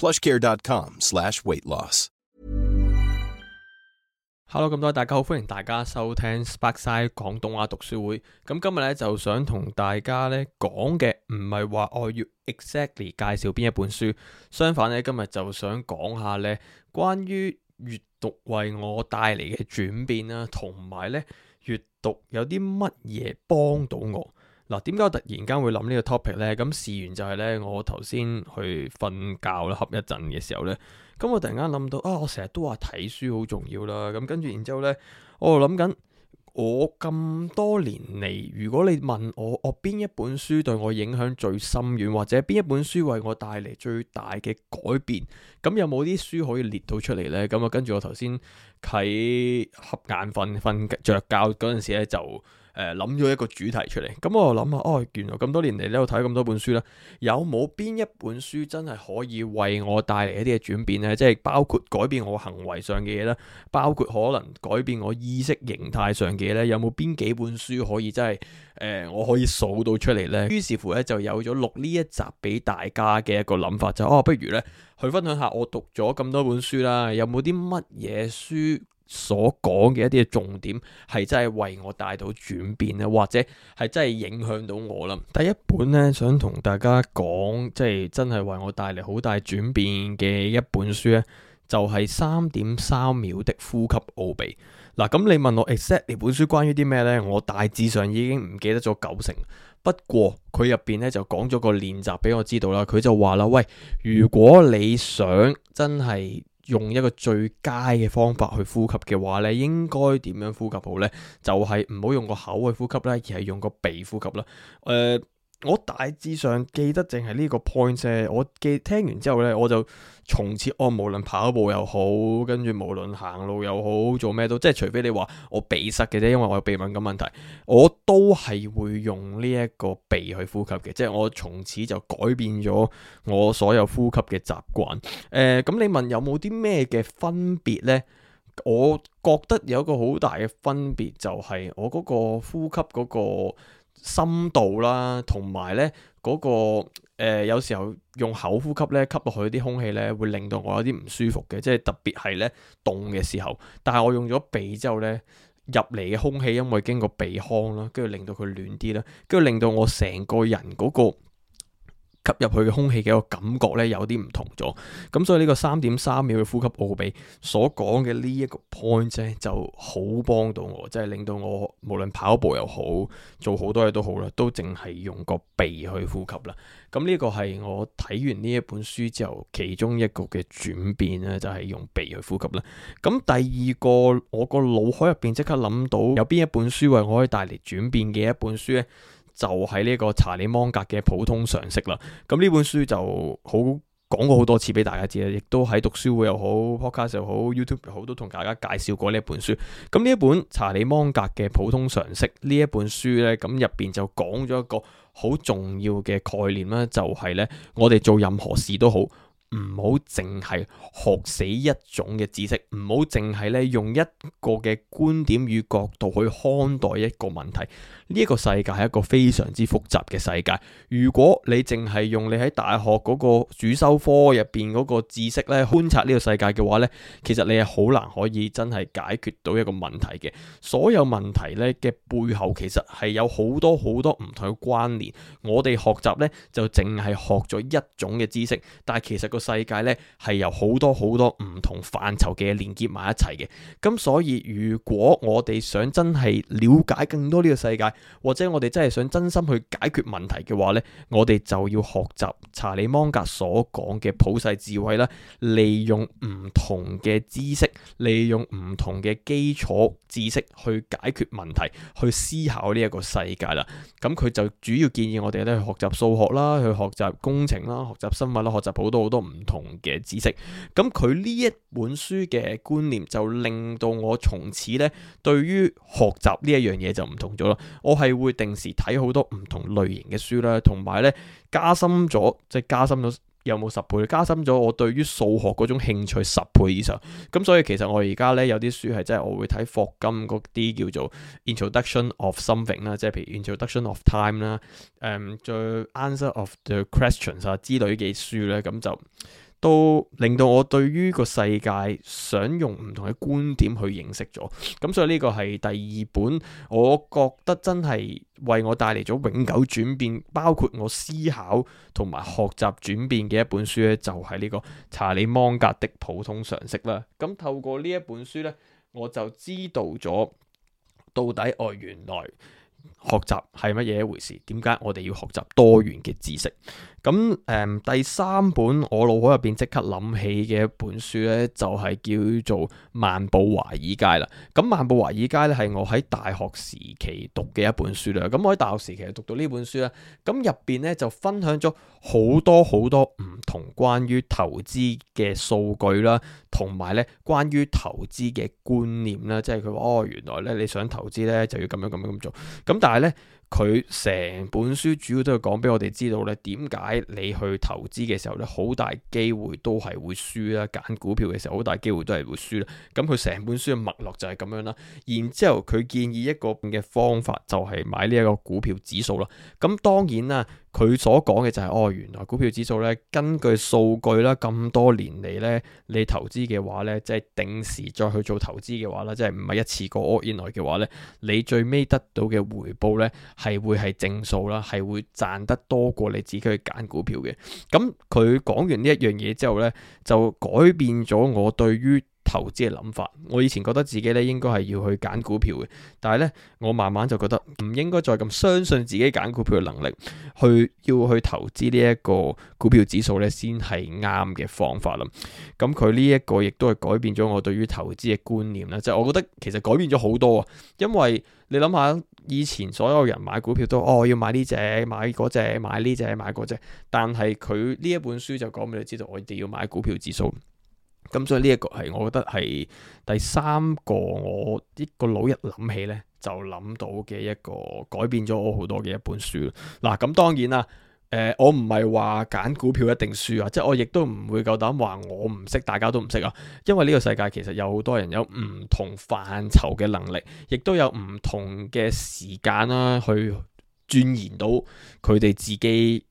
Plushcare.com/slash/weightloss。Hello，咁多位大家好，歡迎大家收聽 Sparksine 廣東話讀書會。咁今日咧就想同大家咧講嘅唔係話我要 exactly 介紹邊一本書，相反咧今日就想講下咧關於閱讀為我帶嚟嘅轉變啦，同埋咧閱讀有啲乜嘢幫到我。嗱，點解我突然間會諗呢個 topic 呢？咁試完就係、啊、呢，我頭先去瞓覺啦，瞌一陣嘅時候呢，咁我突然間諗到啊，我成日都話睇書好重要啦。咁跟住，然之後咧，我諗緊，我咁多年嚟，如果你問我，我邊一本書對我影響最深遠，或者邊一本書為我帶嚟最大嘅改變，咁有冇啲書可以列到出嚟呢？我」咁啊，跟住我頭先喺合眼瞓、瞓着覺嗰陣時咧，就。誒諗咗一個主題出嚟，咁我就諗下，哦，原來咁多年嚟咧，睇咁多本書啦，有冇邊一本書真係可以為我帶嚟一啲嘅轉變咧？即係包括改變我行為上嘅嘢咧，包括可能改變我意識形態上嘅嘢咧，有冇邊幾本書可以真係誒、呃、我可以數到出嚟咧？於是乎咧，就有咗錄呢一集俾大家嘅一個諗法，就是、哦，不如咧去分享下我讀咗咁多本書啦，有冇啲乜嘢書？所講嘅一啲重點係真係為我帶到轉變咧，或者係真係影響到我啦。第一本咧，想同大家講，即係真係為我帶嚟好大轉變嘅一本書咧，就係《三點三秒的呼吸奧秘》啊。嗱，咁你問我 exactly 呢本書關於啲咩呢？我大致上已經唔記得咗九成。不過佢入邊呢，就講咗個練習俾我知道啦。佢就話啦，喂，如果你想真係，用一個最佳嘅方法去呼吸嘅話咧，應該點樣呼吸好呢？就係唔好用個口去呼吸啦，而係用個鼻呼吸啦。誒、呃。我大致上記得淨係呢個 point 啫，我記聽完之後呢，我就從此我、哦，無論跑步又好，跟住無論行路又好做咩都，即係除非你話我鼻塞嘅啫，因為我有鼻敏感問題，我都係會用呢一個鼻去呼吸嘅，即係我從此就改變咗我所有呼吸嘅習慣。誒、呃，咁你問有冇啲咩嘅分別呢？我覺得有一個好大嘅分別就係、係、我嗰個呼吸嗰、嗰個。深度啦，同埋咧嗰個誒、呃，有時候用口呼吸咧，吸落去啲空氣咧，會令到我有啲唔舒服嘅，即係特別係咧凍嘅時候。但係我用咗鼻之後咧，入嚟嘅空氣因為經過鼻腔啦，跟住令到佢暖啲啦，跟住令到我成個人嗰個。吸入佢嘅空氣嘅一個感覺咧，有啲唔同咗。咁所以呢個三點三秒嘅呼吸奧秘所講嘅呢一個 point 咧，就好幫到我，即係令到我無論跑步又好，做好多嘢都好啦，都淨係用個鼻去呼吸啦。咁呢個係我睇完呢一本書之後，其中一個嘅轉變咧，就係用鼻去呼吸啦。咁第二個，我個腦海入邊即刻諗到有邊一本書為我可以帶嚟轉變嘅一本書咧？就係呢個查理芒格嘅普通常識啦。咁呢本書就好講過好多次俾大家知啦，亦都喺讀書會又好、podcast 又好、YouTube 又好，都同大家介紹過呢本書。咁呢一本查理芒格嘅普通常識呢一本書呢，咁入邊就講咗一個好重要嘅概念啦，就係呢：我哋做任何事都好，唔好淨係學死一種嘅知識，唔好淨係呢用一個嘅觀點與角度去看待一個問題。呢個世界係一個非常之複雜嘅世界。如果你淨係用你喺大學嗰個主修科入邊嗰個知識咧，觀察呢個世界嘅話呢，其實你係好難可以真係解決到一個問題嘅。所有問題呢嘅背後其實係有好多好多唔同嘅關聯。我哋學習呢就淨係學咗一種嘅知識，但係其實個世界呢係有好多好多唔同範疇嘅連結埋一齊嘅。咁所以如果我哋想真係了解更多呢個世界，或者我哋真係想真心去解決問題嘅話呢，我哋就要學習查理芒格所講嘅普世智慧啦，利用唔同嘅知識，利用唔同嘅基礎知識去解決問題，去思考呢一個世界啦。咁佢就主要建議我哋咧去學習數學啦，去學習工程啦，學習生物啦，學習好多好多唔同嘅知識。咁佢呢一本書嘅觀念就令到我從此呢對於學習呢一樣嘢就唔同咗啦。我係會定時睇好多唔同類型嘅書啦，同埋咧加深咗，即係加深咗有冇十倍？加深咗我對於數學嗰種興趣十倍以上。咁所以其實我而家咧有啲書係真係我會睇霍金嗰啲叫做 Introduction of something 啦，即係譬如 Introduction of time 啦，誒 The Answer of the Questions 啊之類嘅書咧，咁就。都令到我對於個世界想用唔同嘅觀點去認識咗，咁所以呢個係第二本，我覺得真係為我帶嚟咗永久轉變，包括我思考同埋學習轉變嘅一本書咧，就係呢個查理芒格的普通常識啦。咁透過呢一本書呢，我就知道咗到底我，哦，原來。學習係乜嘢一回事？點解我哋要學習多元嘅知識？咁誒、嗯，第三本我腦海入邊即刻諗起嘅一本書呢，就係、是、叫做《漫步華爾街》啦。咁《漫步華爾街》呢，係我喺大學時期讀嘅一本書啦。咁我喺大學時期讀到呢本書咧，咁入邊呢，就分享咗好多好多唔同關於投資嘅數據啦，同埋呢關於投資嘅觀念啦。即係佢話哦，原來呢，你想投資呢，就要咁樣咁樣咁做。咁但係咧，佢成本書主要都係講俾我哋知道咧，點解你去投資嘅時候咧，好大機會都係會輸啦。揀股票嘅時候，好大機會都係會輸啦。咁佢成本書嘅脈絡就係咁樣啦。然之後佢建議一個嘅方法，就係買呢一個股票指數啦。咁當然啦。佢所講嘅就係、是、哦，原來股票指數咧，根據數據啦，咁多年嚟咧，你投資嘅話咧，即係定時再去做投資嘅話啦，即係唔係一次過 all in 嘅話咧，你最尾得到嘅回報咧，係會係正數啦，係會賺得多過你自己去揀股票嘅。咁佢講完呢一樣嘢之後咧，就改變咗我對於投資嘅諗法，我以前覺得自己咧，應該係要去揀股票嘅，但係咧我慢慢就覺得唔應該再咁相信自己揀股票嘅能力，去要去投資呢一個股票指數咧先係啱嘅方法啦。咁佢呢一個亦都係改變咗我對於投資嘅觀念啦。即係我覺得其實改變咗好多啊，因為你諗下以前所有人買股票都哦，要買呢隻買嗰隻買呢隻買嗰隻，但係佢呢一本書就講俾你知道我哋要買股票指數。咁、嗯、所以呢一個係我覺得係第三個，我啲個腦一諗起呢，就諗到嘅一個改變咗我好多嘅一本書嗱，咁、啊、當然啦，誒、呃，我唔係話揀股票一定輸啊，即係我亦都唔會夠膽話我唔識，大家都唔識啊。因為呢個世界其實有好多人有唔同範疇嘅能力，亦都有唔同嘅時間啦，去鑽研到佢哋自己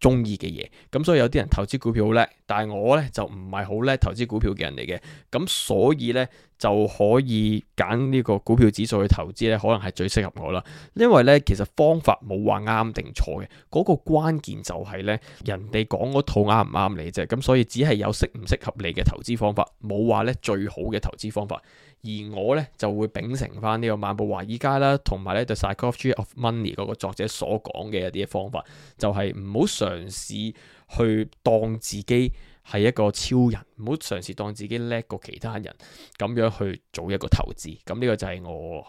中意嘅嘢，咁所以有啲人投資股票好叻，但係我呢就唔係好叻投資股票嘅人嚟嘅，咁所以呢，就可以揀呢個股票指數去投資呢可能係最適合我啦。因為呢，其實方法冇話啱定錯嘅，嗰個關鍵就係呢，人哋講嗰套啱唔啱你啫，咁所以只係有適唔適合你嘅投資方法，冇話呢最好嘅投資方法。而我咧就會秉承翻呢個《漫步華爾街》啦，同埋咧《The Psychology of Money》嗰個作者所講嘅一啲方法，就係唔好嘗試去當自己係一個超人，唔好嘗試當自己叻過其他人，咁樣去做一個投資。咁呢個就係我。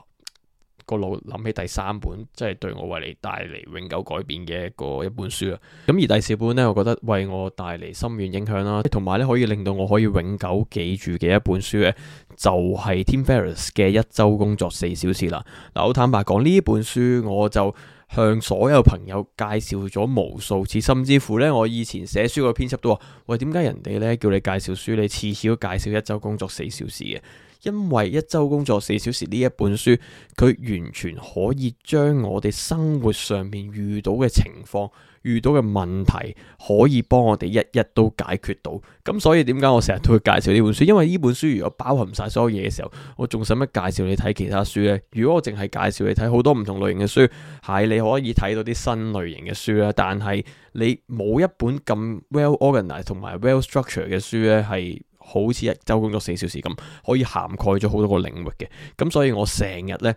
個腦諗起第三本，即係對我為你帶嚟永久改變嘅一個一本書啦。咁而第四本呢，我覺得為我帶嚟深遠影響啦，同埋呢可以令到我可以永久記住嘅一本書呢就係、是、Tim Ferriss 嘅《一周工作四小時》啦。嗱、啊，好坦白講呢本書，我就向所有朋友介紹咗無數次，甚至乎呢，我以前寫書嘅編輯都話：喂，點解人哋呢叫你介紹書，你次次都介紹《一周工作四小時》嘅？因為一周工作四小時呢一本書，佢完全可以將我哋生活上面遇到嘅情況、遇到嘅問題，可以幫我哋一一都解決到。咁所以點解我成日都會介紹呢本書？因為呢本書如果包含晒所有嘢嘅時候，我仲使乜介紹你睇其他書呢？如果我淨係介紹你睇好多唔同類型嘅書，係你可以睇到啲新類型嘅書啦。但係你冇一本咁 well organized 同埋 well structured 嘅書咧，係。好似一周工作四小時咁，可以涵蓋咗好多個領域嘅。咁所以我成日呢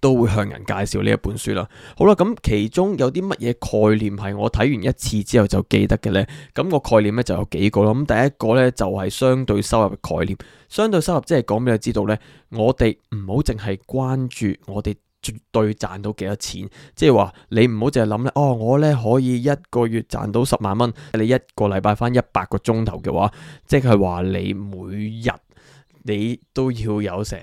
都會向人介紹呢一本書啦。好啦，咁其中有啲乜嘢概念係我睇完一次之後就記得嘅呢？咁個概念呢就有幾個咯。咁第一個呢就係相對收入嘅概念。相對收入即係講俾你知道呢，我哋唔好淨係關注我哋。絕對賺到幾多錢？即係話你唔好淨係諗咧，哦，我呢可以一個月賺到十萬蚊。你一個禮拜返一百個鐘頭嘅話，即係話你每日你都要有成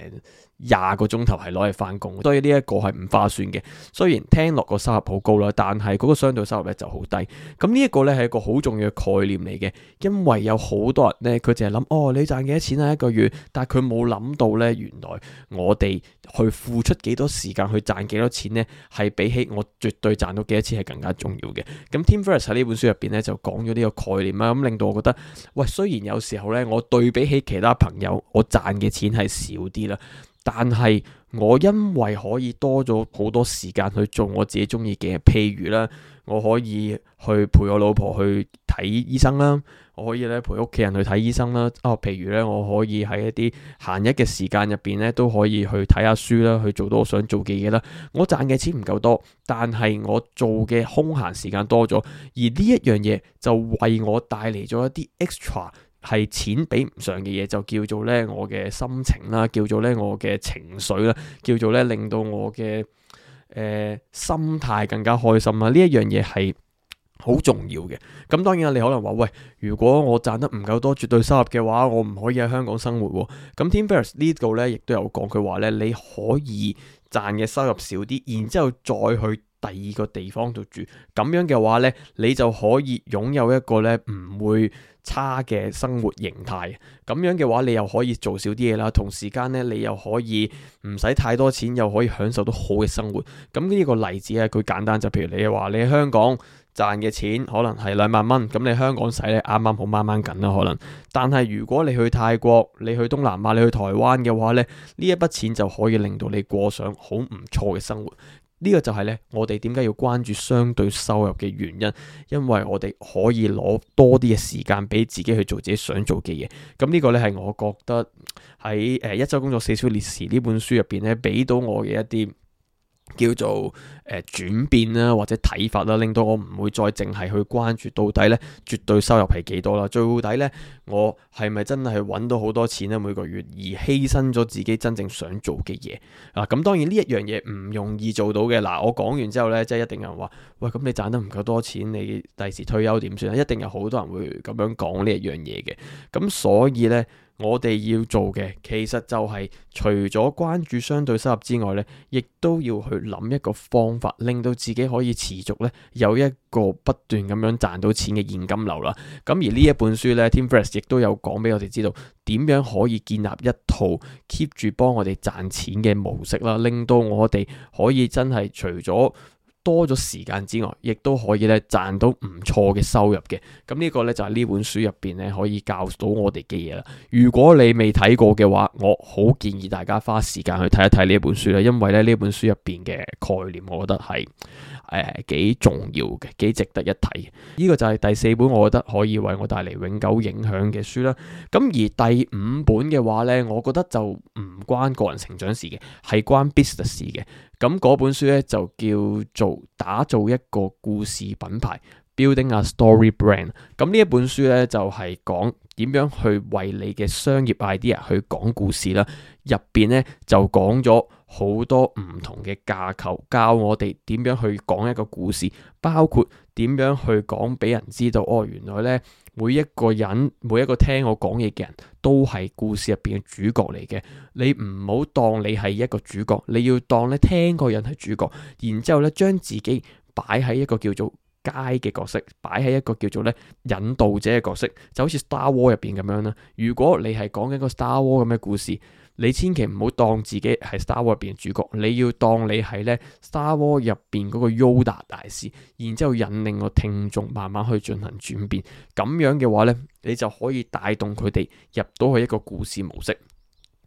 廿個鐘頭係攞嚟翻工，所以呢一個係唔划算嘅。雖然聽落個收入好高啦，但係嗰個相對收入咧就好低。咁呢一個呢係一個好重要嘅概念嚟嘅，因為有好多人呢，佢淨係諗哦，你賺幾多錢啊一個月？但係佢冇諗到呢，原來我哋去付出幾多時間去賺幾多錢呢，係比起我絕對賺到幾多錢係更加重要嘅。咁 Tim Ferriss 喺呢本書入邊呢就講咗呢個概念啦、啊，咁令到我覺得喂，雖然有時候呢，我對比起其他朋友，我賺嘅錢係少啲啦。但係我因為可以多咗好多時間去做我自己中意嘅譬如啦，我可以去陪我老婆去睇醫生啦，我可以咧陪屋企人去睇醫生啦，啊，譬如咧，我可以喺一啲閒日嘅時間入邊咧，都可以去睇下書啦，去做到我想做嘅嘢啦。我賺嘅錢唔夠多，但係我做嘅空閒時間多咗，而呢一樣嘢就為我帶嚟咗一啲 extra。係錢比唔上嘅嘢，就叫做呢我嘅心情啦，叫做呢我嘅情緒啦，叫做呢令到我嘅誒、呃、心態更加開心啦。呢一樣嘢係好重要嘅。咁當然啦、啊，你可能話喂，如果我賺得唔夠多，絕對收入嘅話，我唔可以喺香港生活喎、啊。咁 Tim Ferriss 呢度呢亦都有講佢話呢你可以賺嘅收入少啲，然之後再去第二個地方度住。咁樣嘅話呢，你就可以擁有一個呢唔會差嘅生活形態，咁樣嘅話你又可以做少啲嘢啦，同時間呢，你又可以唔使太多錢，又可以享受到好嘅生活。咁呢個例子係，佢簡單就係，譬如你話你喺香港賺嘅錢可能係兩萬蚊，咁你香港使咧，啱啱好掹掹緊啦可能。但係如果你去泰國，你去東南亞，你去台灣嘅話呢，呢一筆錢就可以令到你過上好唔錯嘅生活。呢個就係咧，我哋點解要關注相對收入嘅原因，因為我哋可以攞多啲嘅時間俾自己去做自己想做嘅嘢。咁、嗯這個、呢個咧係我覺得喺誒、呃、一周工作四小列時呢本書入邊咧，俾到我嘅一啲。叫做誒、呃、轉變啦、啊，或者睇法啦、啊，令到我唔會再淨係去關注到底咧絕對收入係幾多啦、啊。最底咧，我係咪真係揾到好多錢咧、啊、每個月，而犧牲咗自己真正想做嘅嘢啊？咁、啊、當然呢一樣嘢唔容易做到嘅。嗱、啊，我講完之後咧，即係一定有人話：喂，咁你賺得唔夠多錢，你第時退休點算啊？一定有好多人會咁樣講呢一樣嘢嘅。咁、啊、所以咧。我哋要做嘅，其實就係除咗關注相對收入之外呢，亦都要去諗一個方法，令到自己可以持續呢有一個不斷咁樣賺到錢嘅現金流啦。咁而呢一本書呢，Tim Ferriss 亦都有講俾我哋知道，點樣可以建立一套 keep 住幫我哋賺錢嘅模式啦，令到我哋可以真係除咗。多咗時間之外，亦都可以咧賺到唔錯嘅收入嘅。咁呢個咧就係呢本書入邊咧可以教到我哋嘅嘢啦。如果你未睇過嘅話，我好建議大家花時間去睇一睇呢本書啦。因為咧呢本書入邊嘅概念，我覺得係。誒，幾重要嘅，幾值得一睇。呢、這個就係第四本，我覺得可以為我帶嚟永久影響嘅書啦。咁而第五本嘅話呢，我覺得就唔關個人成長事嘅，係關 business 嘅。咁、那、嗰、個、本書呢，就叫做打造一個故事品牌 （Building a Story Brand）。咁呢一本書呢，就係、是、講。點樣去為你嘅商業 idea 去講故事啦？入邊呢就講咗好多唔同嘅架構，教我哋點樣去講一個故事，包括點樣去講俾人知道。哦，原來呢，每一個人，每一個聽我講嘢嘅人都係故事入邊嘅主角嚟嘅。你唔好當你係一個主角，你要當咧聽嗰人係主角，然之後咧將自己擺喺一個叫做。街嘅角色擺喺一個叫做咧引導者嘅角色，就好似 Star Wars 入邊咁樣啦。如果你係講緊個 Star Wars 咁嘅故事，你千祈唔好當自己係 Star Wars 入邊嘅主角，你要當你係咧 Star Wars 入邊嗰個 Yoda 大師，然之後引領個聽眾慢慢去進行轉變，咁樣嘅話咧，你就可以帶動佢哋入到去一個故事模式。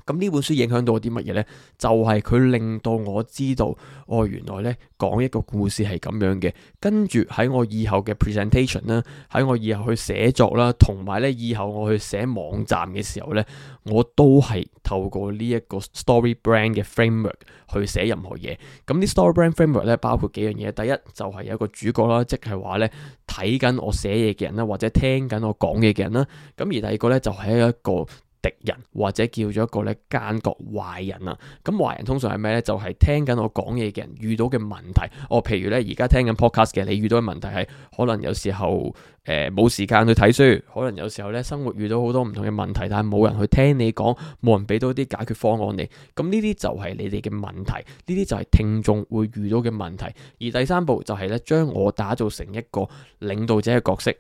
咁呢本書影響到我啲乜嘢呢？就係佢令到我知道，哦，原來呢講一個故事係咁樣嘅。跟住喺我以後嘅 presentation 啦，喺我以後去寫作啦，同埋呢以後我去寫網站嘅時候呢，我都係透過呢一個 story brand 嘅 framework 去寫任何嘢。咁啲 story brand framework 呢，包括幾樣嘢，第一就係有一個主角啦，即係話呢睇緊我寫嘢嘅人啦，或者聽緊我講嘢嘅人啦。咁而第二個呢，就係一個。敵人或者叫咗一個咧奸角壞人啊，咁壞人通常係咩呢？就係、是、聽緊我講嘢嘅人遇到嘅問題哦。譬如呢，而家聽緊 Podcast 嘅你遇到嘅問題係可能有時候誒冇、呃、時間去睇書，可能有時候呢生活遇到好多唔同嘅問題，但係冇人去聽你講，冇人俾到啲解決方案你。咁呢啲就係你哋嘅問題，呢啲就係聽眾會遇到嘅問題。而第三步就係呢，將我打造成一個領導者嘅角色。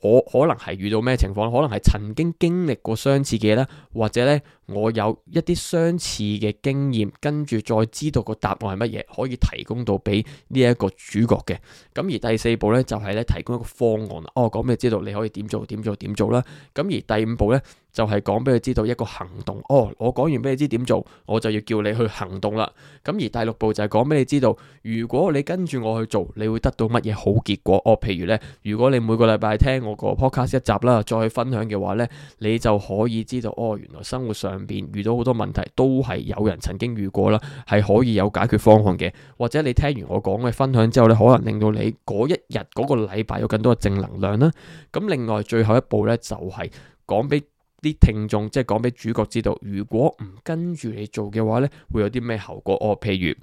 我可能係遇到咩情況，可能係曾經經歷過相似嘅嘢啦。或者呢，我有一啲相似嘅經驗，跟住再知道個答案係乜嘢，可以提供到俾呢一個主角嘅。咁而第四步呢，就係呢提供一個方案啦。哦，咁你知道你可以點做點做點做啦。咁而第五步呢。就係講俾佢知道一個行動哦，我講完俾你知點做，我就要叫你去行動啦。咁而第六步就係講俾你知道，如果你跟住我去做，你會得到乜嘢好結果哦。譬如呢，如果你每個禮拜聽我個 podcast 一集啦，再去分享嘅話呢，你就可以知道哦，原來生活上邊遇到好多問題都係有人曾經遇過啦，係可以有解決方案嘅。或者你聽完我講嘅分享之後呢，可能令到你嗰一日嗰個禮拜有更多嘅正能量啦。咁另外最後一步呢，就係講俾。啲聽眾即係講俾主角知道，如果唔跟住你做嘅話呢，會有啲咩後果？哦，譬如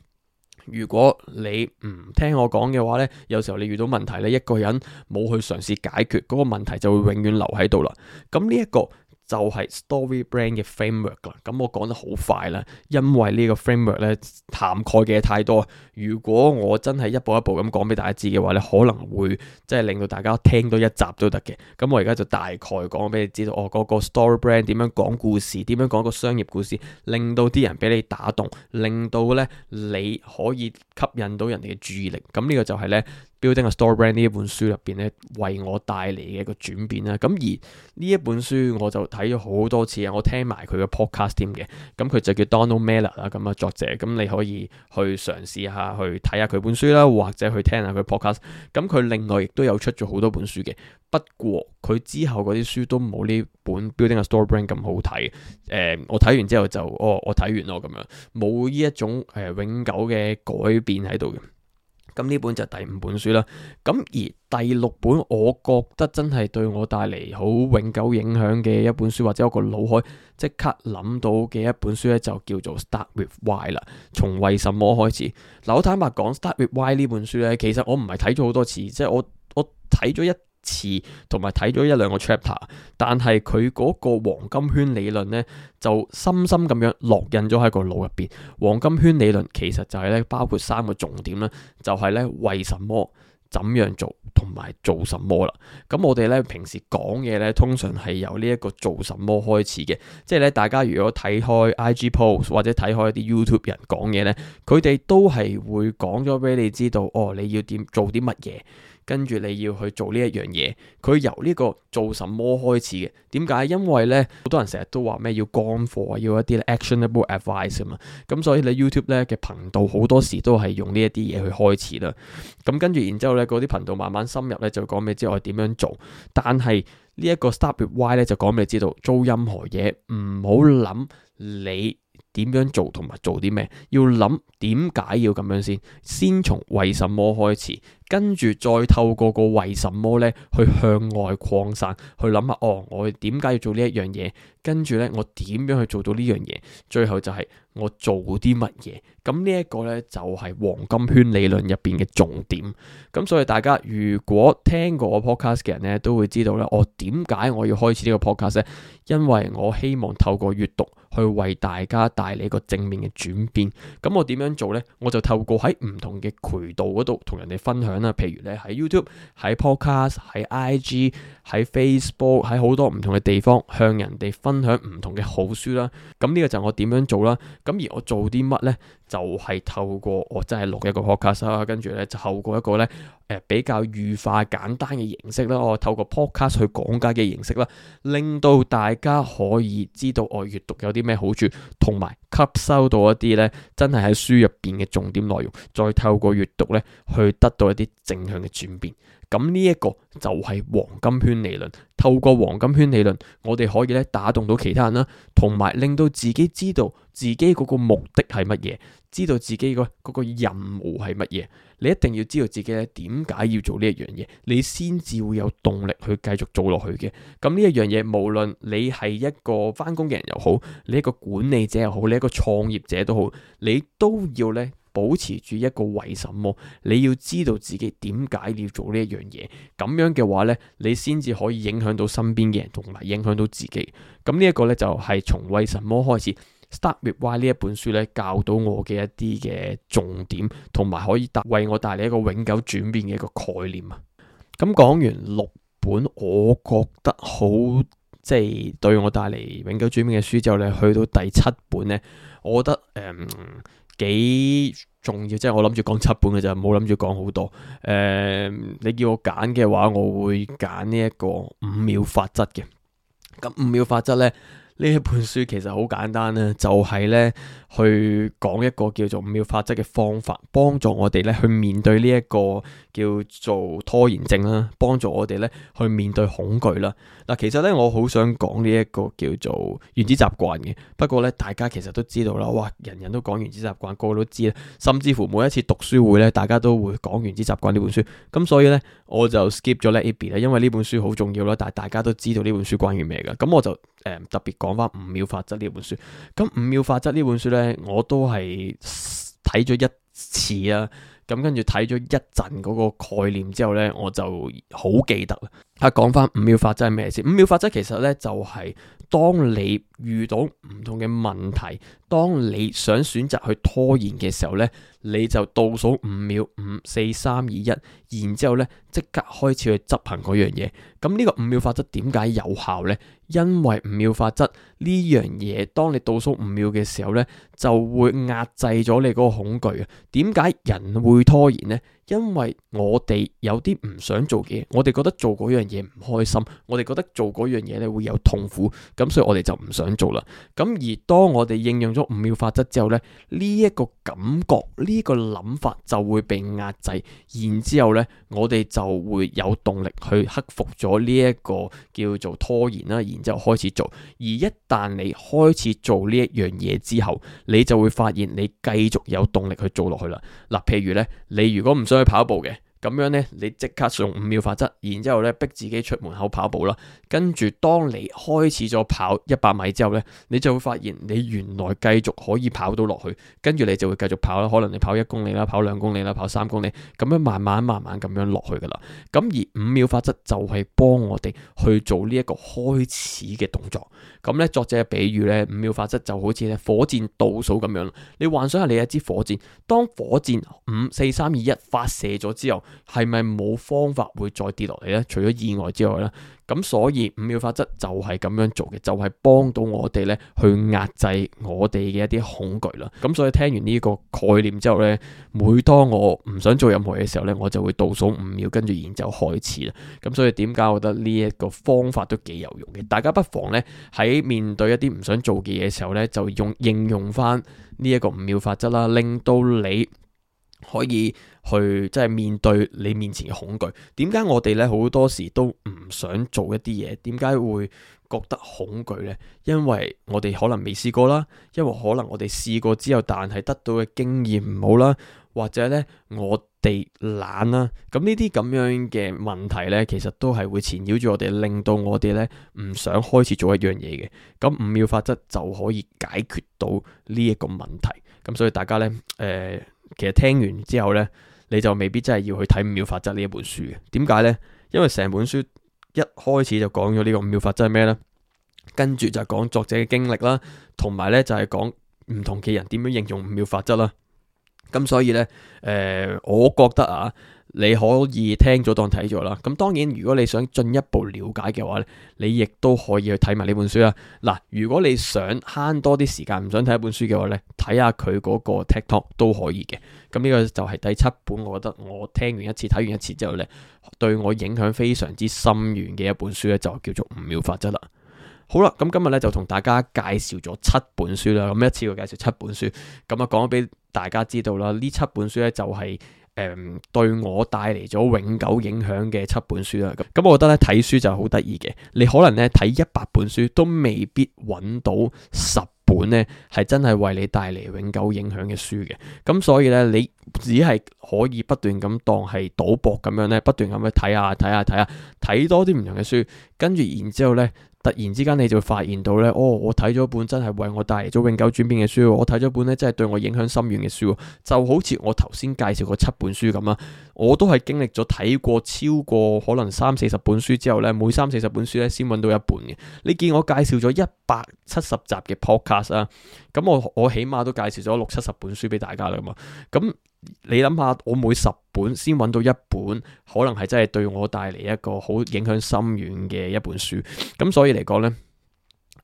如果你唔聽我講嘅話呢，有時候你遇到問題，你一個人冇去嘗試解決嗰個問題，就會永遠留喺度啦。咁呢一個。就係 story brand 嘅 framework 啦，咁我講得好快啦，因為呢個 framework 咧，涵蓋嘅太多。如果我真係一步一步咁講俾大家知嘅話咧，可能會即係令到大家聽到一集都得嘅。咁我而家就大概講俾你知道，我嗰個 story brand 點樣講故事，點樣講個商業故事，令到啲人俾你打動，令到咧你可以吸引到人哋嘅注意力。咁呢個就係咧。Building a StoryBrand 呢一本書入邊咧，為我帶嚟嘅一個轉變啦。咁而呢一本書，我就睇咗好多次啊，我聽埋佢嘅 podcast 添嘅。咁佢就叫 Donald Miller 啦，咁啊作者。咁你可以去嘗試下去睇下佢本書啦，或者去聽下佢 podcast。咁佢另外亦都有出咗好多本書嘅。不過佢之後嗰啲書都冇呢本 Building a StoryBrand 咁好睇。誒、呃，我睇完之後就，哦，我睇完咯，咁樣冇呢一種誒、呃、永久嘅改變喺度嘅。咁呢本就第五本書啦。咁而第六本，我覺得真係對我帶嚟好永久影響嘅一本書，或者我個腦海即刻諗到嘅一本書呢就叫做 Start with Why 啦。從為什麼開始。嗱，啊，我坦白講，Start with Why 呢本書呢，其實我唔係睇咗好多次，即係我我睇咗一次同埋睇咗一兩個 chapter，但係佢嗰個黃金圈理論呢，就深深咁樣烙印咗喺個腦入邊。黃金圈理論其實就係咧，包括三個重點啦，就係咧，為什麼、怎樣做同埋做什麼啦。咁我哋咧平時講嘢呢，通常係由呢一個做什麼開始嘅，即係咧，大家如果睇開 IG post 或者睇開啲 YouTube 人講嘢呢，佢哋都係會講咗俾你知道，哦，你要點做啲乜嘢。跟住你要去做呢一樣嘢，佢由呢個做什麼開始嘅？點解？因為呢，好多人成日都話咩要乾貨啊，要一啲 actionable advice 啊嘛。咁、嗯、所以你 YouTube 呢嘅頻道好多時都係用呢一啲嘢去開始啦。咁、嗯、跟住，然之後呢嗰啲頻道慢慢深入呢，就講俾你知我點樣做。但係呢一個 Start with Why 呢，就講俾你知道，做任何嘢唔好諗你。點樣做同埋做啲咩，要諗點解要咁樣先，先從為什麼開始，跟住再透過個為什麼呢去向外擴散，去諗下哦，我點解要做呢一樣嘢？跟住呢，我點樣去做到呢樣嘢？最後就係我做啲乜嘢？咁呢一個呢，就係黃金圈理論入邊嘅重點。咁所以大家如果聽過我 podcast 嘅人呢，都會知道咧，我點解我要開始呢個 podcast 呢？因為我希望透過閱讀。去為大家帶嚟一個正面嘅轉變，咁我點樣做呢？我就透過喺唔同嘅渠道嗰度同人哋分享啦，譬如咧喺 YouTube、喺 Podcast、喺 IG、喺 Facebook、喺好多唔同嘅地方向人哋分享唔同嘅好書啦。咁呢個就係我點樣做啦。咁而我做啲乜呢？就係透過我真係錄一個 podcast 啦、啊，跟住咧就透過一個咧誒、呃、比較愉快簡單嘅形式啦，我、啊、透過 podcast 去講解嘅形式啦、啊，令到大家可以知道我閱讀有啲咩好處，同埋吸收到一啲咧真係喺書入邊嘅重點內容，再透過閱讀咧去得到一啲正向嘅轉變。咁呢一個就係黃金圈理論。透過黃金圈理論，我哋可以咧打動到其他人啦，同埋令到自己知道自己嗰個目的係乜嘢，知道自己個嗰個任務係乜嘢。你一定要知道自己咧點解要做呢一樣嘢，你先至會有動力去繼續做落去嘅。咁呢一樣嘢，無論你係一個返工嘅人又好，你一個管理者又好，你一個創業者都好，你都要咧。保持住一個為什麼，你要知道自己點解要做呢一樣嘢？咁樣嘅話呢，你先至可以影響到身邊嘅人，同埋影響到自己。咁呢一個呢就係、是、從為什麼開始。Start with Why 呢一本書呢，教到我嘅一啲嘅重點，同埋可以帶為我帶嚟一個永久轉變嘅一個概念啊！咁講完六本，我覺得好即係對我帶嚟永久轉變嘅書之後呢，去到第七本呢，我覺得誒。呃幾重要？即係我諗住講七本嘅啫，冇諗住講好多。誒、呃，你叫我揀嘅話，我會揀呢一個五秒法則嘅。咁五秒法則呢？呢一本書其實好簡單咧，就係、是、咧去講一個叫做五秒法則嘅方法，幫助我哋咧去面對呢一個叫做拖延症啦，幫助我哋咧去面對恐懼啦。嗱、啊，其實咧我好想講呢一個叫做原子習慣嘅，不過咧大家其實都知道啦，哇，人人都講原子習慣，個個都知咧，甚至乎每一次讀書會咧，大家都會講原子習慣呢本書。咁所以咧我就 skip 咗呢一邊咧，因為呢本書好重要啦，但係大家都知道呢本書關於咩㗎，咁我就。特別講翻《五秒法則》呢本書，咁《五秒法則》呢本書呢，我都係睇咗一次啦、啊，咁跟住睇咗一陣嗰個概念之後呢，我就好記得。啊，講翻五秒法則係咩先？五秒法則其實呢，就係當你遇到唔同嘅問題，當你想選擇去拖延嘅時候呢，你就倒數五秒，五四三二一，然之後呢即刻開始去執行嗰樣嘢。咁呢個五秒法則點解有效呢？因為五秒法則呢樣嘢，當你倒數五秒嘅時候呢，就會壓制咗你嗰個恐懼啊。點解人會拖延呢？因為我哋有啲唔想做嘅嘢，我哋覺得做嗰樣嘢唔開心，我哋覺得做嗰樣嘢咧會有痛苦，咁所以我哋就唔想做啦。咁而當我哋應用咗五秒法則之後咧，呢一個感覺呢個諗法就會被壓制，然之後咧我哋就會有動力去克服咗呢一個叫做拖延啦，然之後開始做。而一旦你開始做呢一樣嘢之後，你就會發現你繼續有動力去做落去啦。嗱，譬如呢，你如果唔想，去跑步嘅。咁樣呢，你即刻用五秒法則，然之後呢逼自己出門口跑步啦。跟住當你開始咗跑一百米之後呢，你就會發現你原來繼續可以跑到落去。跟住你就會繼續跑啦，可能你跑一公里啦，跑兩公里啦，跑三公里，咁樣慢慢慢慢咁樣落去噶啦。咁而五秒法則就係幫我哋去做呢一個開始嘅動作。咁呢，作者比喻呢五秒法則就好似呢火箭倒數咁樣。你幻想下你一支火箭，當火箭五四三二一發射咗之後。係咪冇方法會再跌落嚟呢？除咗意外之外呢，咁所以五秒法則就係咁樣做嘅，就係、是、幫到我哋呢去壓制我哋嘅一啲恐懼啦。咁所以聽完呢個概念之後呢，每當我唔想做任何嘢嘅時候呢，我就會倒數五秒，跟住然就開始啦。咁所以點解我覺得呢一個方法都幾有用嘅？大家不妨呢，喺面對一啲唔想做嘅嘢嘅時候呢，就用應用翻呢一個五秒法則啦，令到你。可以去即係面對你面前嘅恐懼。點解我哋咧好多時都唔想做一啲嘢？點解會覺得恐懼咧？因為我哋可能未試過啦，因為可能我哋試過之後，但係得到嘅經驗唔好啦，或者咧我哋懶啦、啊。咁呢啲咁樣嘅問題咧，其實都係會纏繞住我哋，令到我哋咧唔想開始做一樣嘢嘅。咁五秒法則就可以解決到呢一個問題。咁所以大家咧，誒、呃。其實聽完之後呢，你就未必真係要去睇《五秒法則》呢一本書嘅。點解呢？因為成本書一開始就講咗呢、這個五秒法則係咩呢？跟住就講作者嘅經歷啦，同埋呢就係講唔同嘅人點樣應用《五秒法則》啦。咁、嗯、所以呢，誒、呃，我覺得啊。你可以聽咗當睇咗啦，咁當然如果你想進一步了解嘅話咧，你亦都可以去睇埋呢本書啦。嗱，如果你想慳多啲時間唔想睇一本書嘅話咧，睇下佢嗰個 TikTok 都可以嘅。咁、嗯、呢、這個就係第七本，我覺得我聽完一次、睇完一次之後咧，對我影響非常之深遠嘅一本書咧，就叫做《五秒法則》啦。好啦，咁、嗯、今日咧就同大家介紹咗七本書啦，咁、嗯、一次要介紹七本書，咁啊講俾大家知道啦。呢七本書咧就係、是。誒、嗯，對我帶嚟咗永久影響嘅七本書啦。咁，我覺得咧睇書就好得意嘅。你可能咧睇一百本書，都未必揾到十本咧係真係為你帶嚟永久影響嘅書嘅。咁所以咧，你只係可以不斷咁當係賭博咁樣咧，不斷咁去睇下、睇下、啊、睇下、啊、睇多啲唔同嘅書，跟住然之後咧。突然之間你就會發現到呢，哦！我睇咗一本真係為我帶嚟咗永久轉變嘅書，我睇咗一本咧真係對我影響深遠嘅書喎。就好似我頭先介紹過七本書咁啊，我都係經歷咗睇過超過可能三四十本書之後呢，每三四十本書呢先揾到一本嘅。你見我介紹咗一百七十集嘅 podcast 啊，咁我我起碼都介紹咗六七十本書俾大家啦嘛，咁。你諗下，我每十本先揾到一本，可能係真係對我帶嚟一個好影響深遠嘅一本書。咁所以嚟講呢，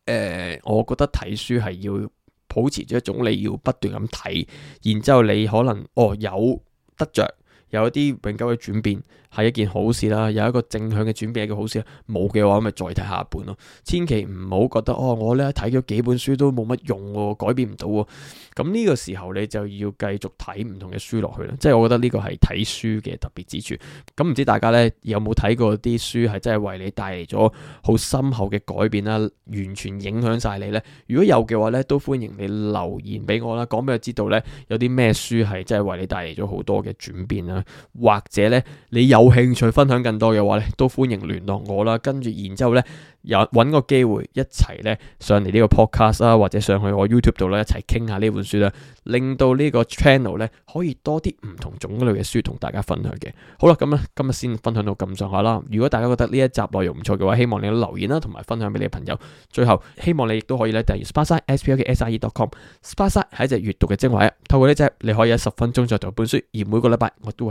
誒、呃，我覺得睇書係要抱持住一種你要不斷咁睇，然之後你可能哦有得着。有一啲永久嘅轉變係一件好事啦，有一個正向嘅轉變係一件好事。冇嘅話，咁咪再睇下一本咯。千祈唔好覺得哦，我咧睇咗幾本書都冇乜用喎、啊，改變唔到喎。咁呢個時候你就要繼續睇唔同嘅書落去啦。即係我覺得呢個係睇書嘅特別之處。咁唔知大家咧有冇睇過啲書係真係為你帶嚟咗好深厚嘅改變啦、啊？完全影響晒你咧。如果有嘅話咧，都歡迎你留言俾我啦，講俾我知道咧，有啲咩書係真係為你帶嚟咗好多嘅轉變啦、啊。或者咧，你有興趣分享更多嘅話咧，都歡迎聯絡我啦。跟住，然之後咧，又搵個機會一齊咧上嚟呢個 podcast 啦，或者上去我 YouTube 度啦，一齊傾下呢本書啦，令到呢個 channel 咧可以多啲唔同種類嘅書同大家分享嘅。好啦，咁啊，今日先分享到咁上下啦。如果大家覺得呢一集內容唔錯嘅話，希望你留言啦、啊，同埋分享俾你嘅朋友。最後，希望你亦都可以咧訂閱 Sparksine，sparksine.com，Sparksine 係一隻閱讀嘅精華啊。透過呢隻，你可以喺十分鐘再讀本書，而每個禮拜我都